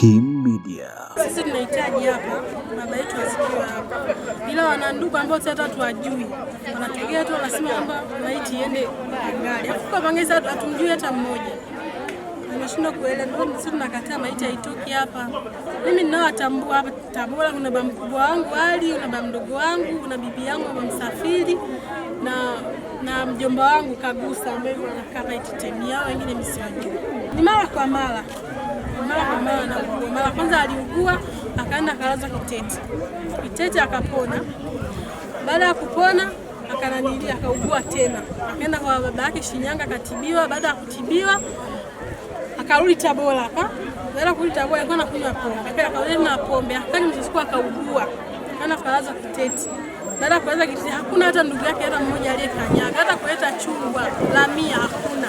Kim Media. Sisi tunahitaji hapa baba yetu asikiwe hapa, ila ambao hata tuwajui wanatokea tu, wanasema kwamba maiti iende afu hatumjui hata mmoja. kuelewa, sisi tunakataa maiti haitoki hapa. Mimi hapa Tabora, kuna baba mkubwa wangu Ali, kuna baba mdogo wangu, kuna bibi yangu Msafiri na na mjomba wangu Kagusa, ambaye anakaa maiti temi yao, wengine msiwajui. Ni mara kwa mara mara kwa mara anaugua. Mara kwanza aliugua akaenda akalaza Kitete, Kitete akapona. Baada ya kupona akananili akaugua tena, akaenda kwa baba yake Shinyanga akatibiwa. Baada ya kutibiwa akarudi Tabora hapa. Baada ya kurudi Tabora alikuwa anakunywa pombe, akaenda na pombe akanywa msukusuko, akaugua, akaenda kalaza Kitete dada kuweza kitini, hakuna hata ndugu yake hata mmoja aliyekanyaga hata kuleta chungwa la mia, hakuna.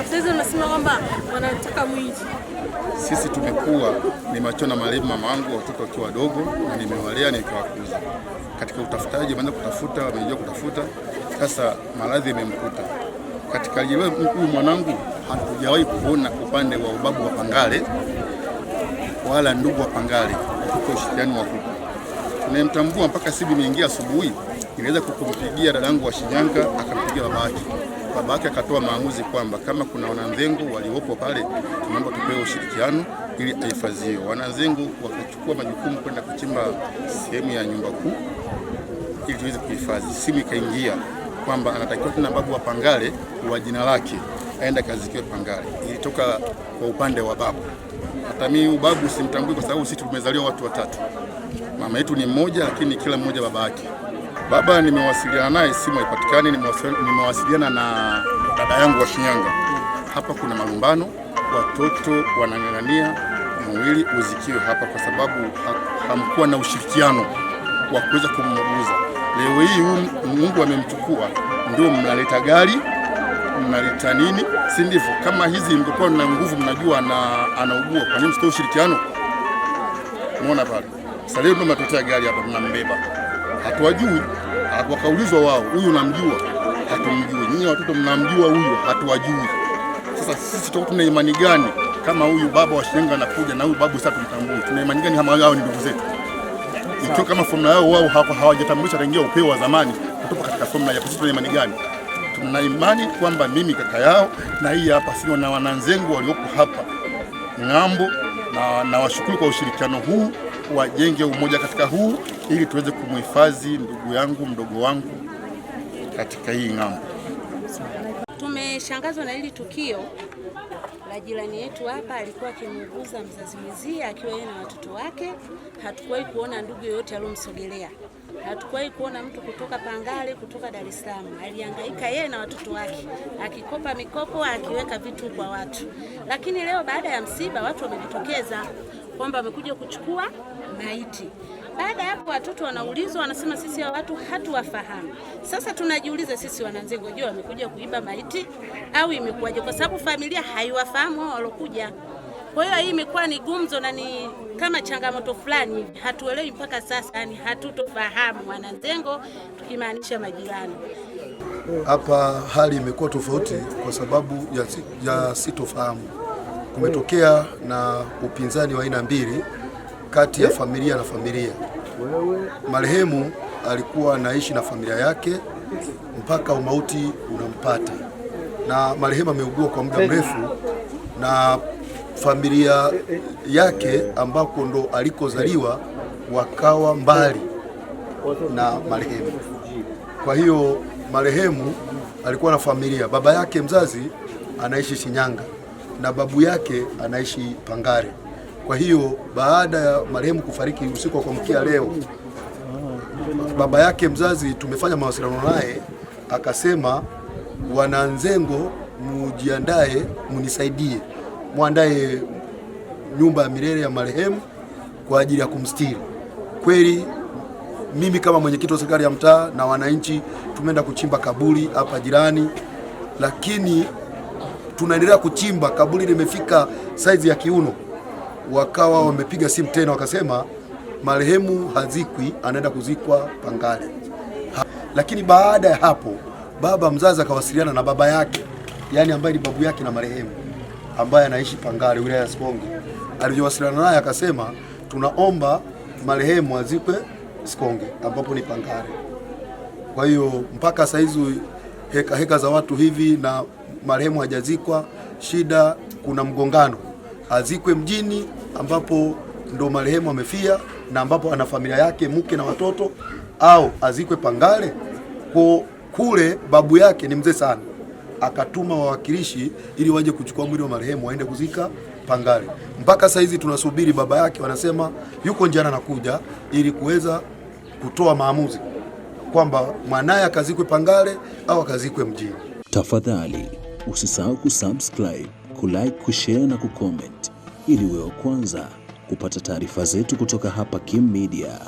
Afisa hizo wanasema kwamba wanataka mwiji. Sisi tumekuwa ni macho na malezi, mama wangu watoto wakiwa wadogo, na nimewalea nikawakuza katika utafutaji, wameanza kutafuta, wamejua kutafuta, sasa maradhi yamemkuta katika jiwe mkuu mwanangu hatujawahi kuona upande wa ubabu wa Pangale wala ndugu wa Pangale kuko ushirikiano wa nimemtambua mpaka simu imeingia asubuhi, niweza kumpigia dadangu wa Shinyanga, akampigia baba Babake baba akatoa maamuzi kwamba kama kuna wananzengu waliopo pale, tunaomba tupewe ushirikiano ili ahifadhiwe. Wananzengu wakachukua majukumu kwenda kuchimba sehemu ya nyumba kuu ili tuweze kuhifadhi. Simu ikaingia kwamba anatakiwa tena babu wa Pangale wa jina lake aenda kazikiwe Pangale, ilitoka kwa upande wa babu. Hata mimi ubabu simtambui kwa sababu sisi tumezaliwa watu watatu, mama yetu ni mmoja, lakini kila mmoja baba yake. Baba nimewasiliana naye, simu haipatikani. Nimewasiliana na dada yangu wa Shinyanga. Hapa kuna malumbano, watoto wanang'ang'ania mwili uzikiwe hapa, kwa sababu hamkuwa na ushirikiano wa kuweza kumguza. Leo hii Mungu amemchukua, ndio mnaleta gari mnalita nini, si ndivyo? Kama hizi mlikuwa na nguvu, mnajua ana anaugua, kwa nini msitoe ushirikiano? Umeona pale sasa, leo matotea gari hapa, mnambeba, hatuwajui. Wakaulizwa wao, huyu namjua, Hatumjui. Nyinyi watoto mnamjua huyu? Hatuwajui. Sasa sisi tutakuwa tuna imani gani kama huyu baba wa Shinyanga anakuja na huyu babu sasa tumtambue? Tuna imani gani kama hao ni ndugu zetu? Ikiwa kama formula yao wao hawajatambulisha tangia upeo wa zamani kutoka katika formula ya sisi, tuna imani gani? na imani kwamba mimi kaka yao na hii hapa sio na wananzengu walioko hapa ng'ambo, na nawashukuru kwa ushirikiano huu, wajenge umoja katika huu ili tuweze kumhifadhi ndugu yangu mdogo wangu katika hii ng'ambo. Tumeshangazwa na hili tukio la jirani yetu hapa, alikuwa akimuuguza mzazi mzee akiwa yeye na watoto wake. Hatukuwahi kuona ndugu yoyote aliyomsogelea. Hatukuwahi kuona mtu kutoka Pangale, kutoka Dar es Salaam. Alihangaika yeye na watoto wake, akikopa mikopo, akiweka vitu kwa watu. Lakini leo baada ya msiba, watu wamejitokeza kwamba wamekuja kuchukua maiti. Baada ya hapo watoto wanaulizwa, wanasema sisi hao watu hatuwafahamu. Sasa tunajiuliza sisi Wananzengo, je, wamekuja kuiba maiti au imekuwaje? Kwa sababu familia haiwafahamu hao walokuja. Kwa hiyo hii imekuwa ni gumzo na ni kama changamoto fulani, hatuelewi mpaka sasa, yani hatutofahamu wananzengo tukimaanisha majirani. Hapa hali imekuwa tofauti kwa sababu ya, ya sitofahamu. Kumetokea na upinzani wa aina mbili kati ya familia na familia. Marehemu alikuwa anaishi na familia yake mpaka umauti unampata, na marehemu ameugua kwa muda mrefu na familia yake ambako ndo alikozaliwa wakawa mbali na marehemu. Kwa hiyo marehemu alikuwa na familia, baba yake mzazi anaishi Shinyanga na babu yake anaishi Pangare. Kwa hiyo baada ya marehemu kufariki usiku wa kuamkia leo, baba yake mzazi tumefanya mawasiliano naye, akasema, wana Nzengo, mujiandae munisaidie mwandae nyumba ya milele ya marehemu kwa ajili ya kumstiri. Kweli mimi kama mwenyekiti wa serikali ya mtaa na wananchi tumeenda kuchimba kaburi hapa jirani, lakini tunaendelea kuchimba, kaburi limefika saizi ya kiuno. Wakawa wamepiga simu tena wakasema marehemu hazikwi, anaenda kuzikwa Pangale. Lakini baada ya hapo baba mzazi akawasiliana na baba yake, yani ambaye ni babu yake na marehemu ambaye anaishi Pangale wilaya ya Sikonge. Alivyowasiliana naye akasema tunaomba marehemu azikwe Sikonge ambapo ni Pangale. Kwa hiyo mpaka saa hizi heka heka za watu hivi na marehemu hajazikwa, shida, kuna mgongano, azikwe mjini ambapo ndo marehemu amefia na ambapo ana familia yake, mke na watoto, au azikwe Pangale kwa kule babu yake ni mzee sana akatuma wawakilishi ili waje kuchukua mwili wa marehemu waende kuzika pangare Mpaka sasa hizi tunasubiri baba yake, wanasema yuko njiani anakuja, ili kuweza kutoa maamuzi kwamba mwanaye akazikwe Pangale au akazikwe mjini. Tafadhali usisahau kusubscribe, kulike, kushare na kucomment ili wewe kwanza kupata taarifa zetu kutoka hapa Kim Media.